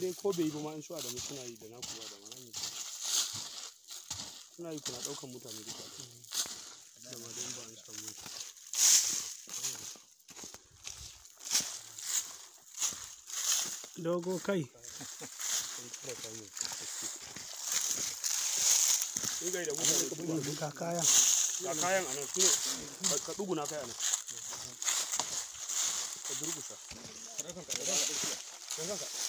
dai ko bai yi ba ma in su suna yi da naku ba da mana ne suna yi kuna ɗaukan mutane duka da ma don ba a nan su ne kai a nan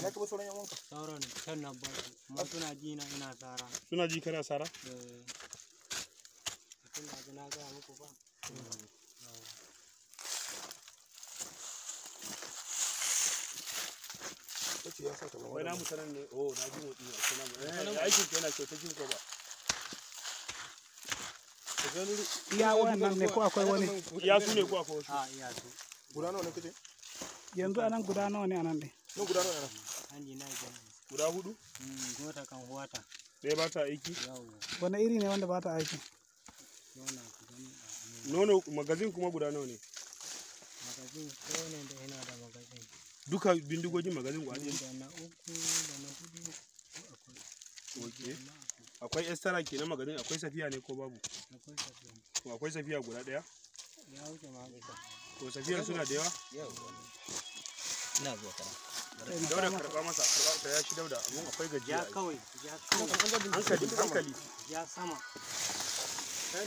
Ina ka sauran Sauran kan ba suna ji na ina sara. Suna ji kana sara? Eh. da na ga muku ba. ya sa ta ba. Wai ne oh na ji motsi a ce eh, ta ko ba. Iya wannan ne ko akwai wani? Iya su ne ko akwai A ah, iya su. Guda nawa ne kace? Yanzu anan guda nawa ne anan ne? Nan guda nawa Hanji na Guda hudu? Gota mm, kan huwata. Ɗaya ba ta aiki? Wani iri ne wanda ba ta aiki? Nono magazin kuma guda nawa ne? Magazin kowane da yana da magazin. Duka bindigogin magazin ku aje? Da na uku da na hudu akwai. Akwai estara ke na magazin akwai safiya ne ko babu? Akwai safiya. Akwai safiya guda ɗaya? Ya wuce ma To suna da yawa? Yawa. Ina zuwa dauda karba masa karba ta ya shi dauda amma akwai gajiya ya kawai ya kawai hankali hankali ya sama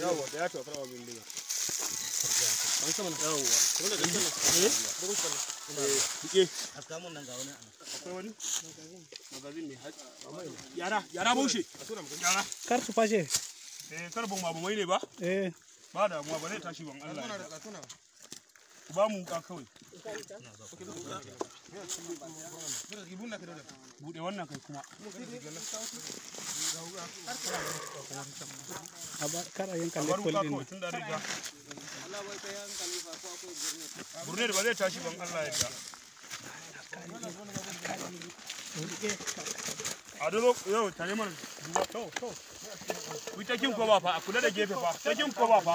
yawa da ya to karba min an sama na yawa kuma da eh bugun eh, eh. mun nan ga wani akwai wani magazin ne yara yara bushe yara kar su fashe eh mai ne ba eh ba damuwa ba zai tashi ban Allah ku ba mu wuka kawai buɗe wannan kai kuma kar a ba zai tashi ban Allah a yau tare mana duba to to ta kin ko ba fa a kula da gefe fa ta kin ko ba fa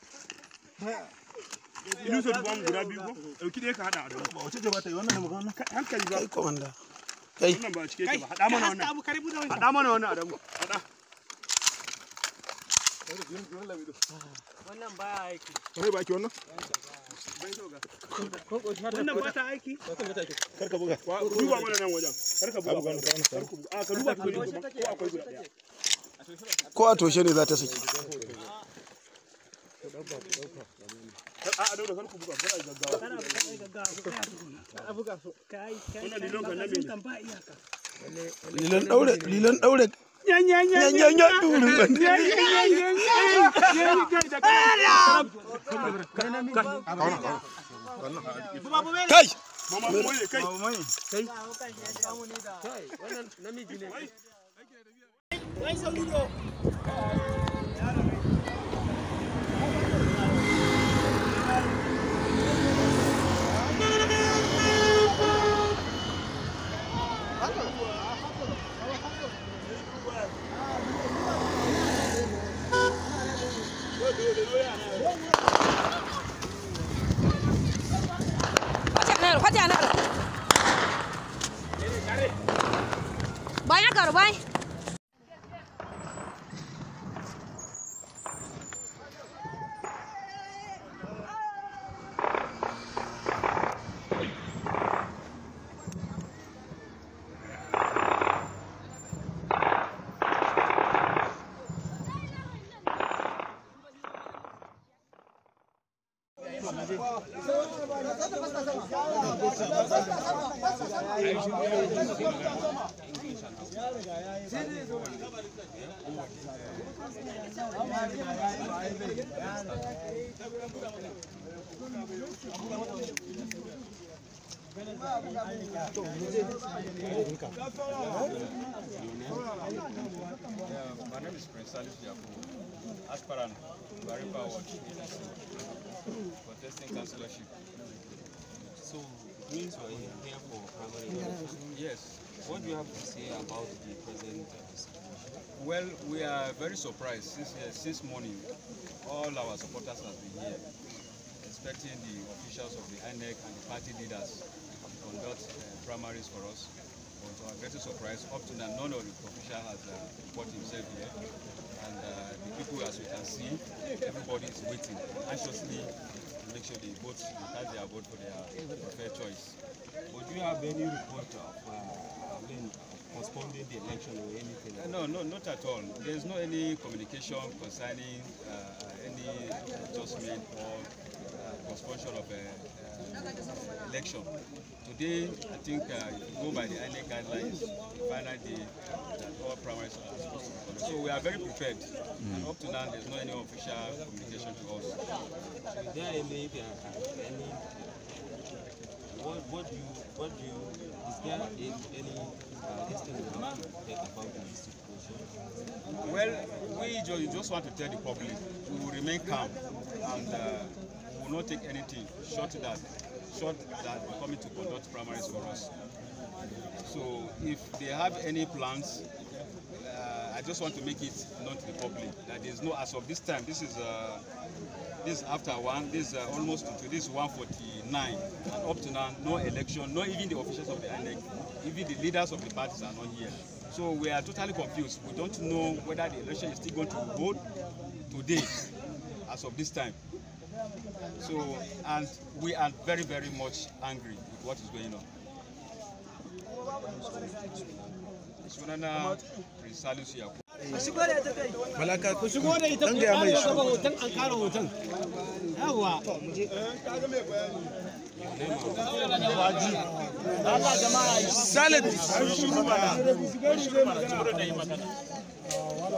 guda biyu ko? haɗa a don. Ba wace ta yi wannan magana? Hankali Kai. Wannan ba cike ba. Haɗa mana wannan. da Haɗa mana wannan Haɗa. Wannan aiki. ba aiki wannan? Wannan ba ta aiki. buga. Duba mana nan wajen. buga. A ka duba ko akwai guda ɗaya. Ko a toshe ne za ta saki. ku dauka ku dauka a dauka kar ne ત્યાં ના ભાઈ ના કરો ભાઈ My name is Prince Alice Jabu, aspirant, Bariba Award, contesting councillorship. So, means we're here for primary health. Yes. What do you have to say about the present situation? Well, we are very surprised since, uh, since morning. All our supporters have been here, expecting the officials of the INEC and the party leaders to conduct uh, primaries for us. But to our greatest surprise, up to now, none of the official has uh, reported himself here. And uh, the people, as we can see, everybody is waiting anxiously make sure they vote, cast their vote for their, fair choice. But do you have any report of, uh, I postponing the election or anything? Uh, no, no, not at all. There's no any communication concerning uh, any adjustment or uh, postponement of a, uh, election. Today, I think uh, go by the INEC guidelines, the final day that all primaries are supposed to So we are very prepared. Mm. And up to now, there's no any official communication to us. So is there any, uh, any what, what do you, what do you, is there any, any uh, estimate about the situation? Well, we just, just want to tell the public, we will remain calm and uh, we will not take anything short of that assured that they're coming to conduct primaries for us. So if they have any plans, uh, I just want to make it known to the public that there's no, as of this time, this is uh, this is after one, this is uh, almost to this 149, and up to now, no election, not even the officials of the INEC, even the leaders of the parties are not here. So we are totally confused. We don't know whether the election is still going to be today, as of this time. So, and we are very, very much angry with what is going on. Salisu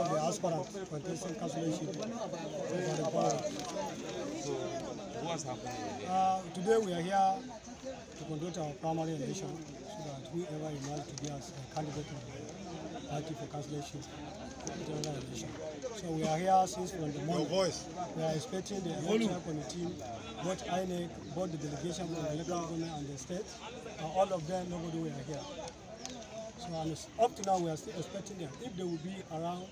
the Plantation So, what's happening? Uh, today we are here to conduct our primary election so that whoever emerges to be as a candidate of the party for cancellation so we are here since from the morning. We are expecting the electoral committee, both INEC, both the delegation from the electoral government and the state. And all of them, nobody we are here. So up to now, we are still expecting them. If they will be around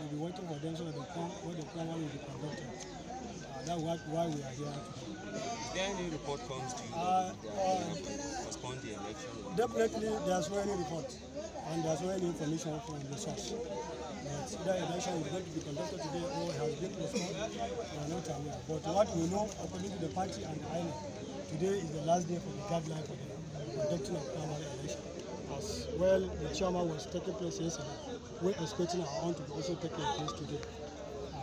We'll be waiting for them uh, so that they come, when they come, one will be conducted. Uh, that's why, why we are here. If there any report comes to you, uh, uh, you postpone the election? Definitely, there's no any report, and there's no any information from the source. But the election is going to be conducted today or has been postponed, we are not aware. But what we know, according to the party and the island, today is the last day for the guideline for the conducting of primary election. As well, the chairman was taking place yesterday. we're expecting our own to be also taken place today.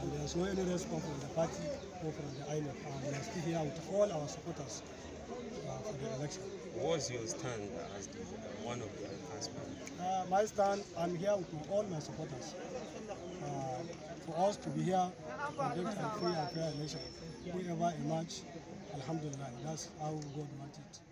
And there's no any response from the party or from the IMF. And we are still here with all our supporters uh, for the election. What was your stand as the, uh, one of the advanced uh, My stand, I'm here with my, all my supporters. Uh, for us to be here, conduct a free and fair election. Whoever emerge, alhamdulillah, that's how God wants it.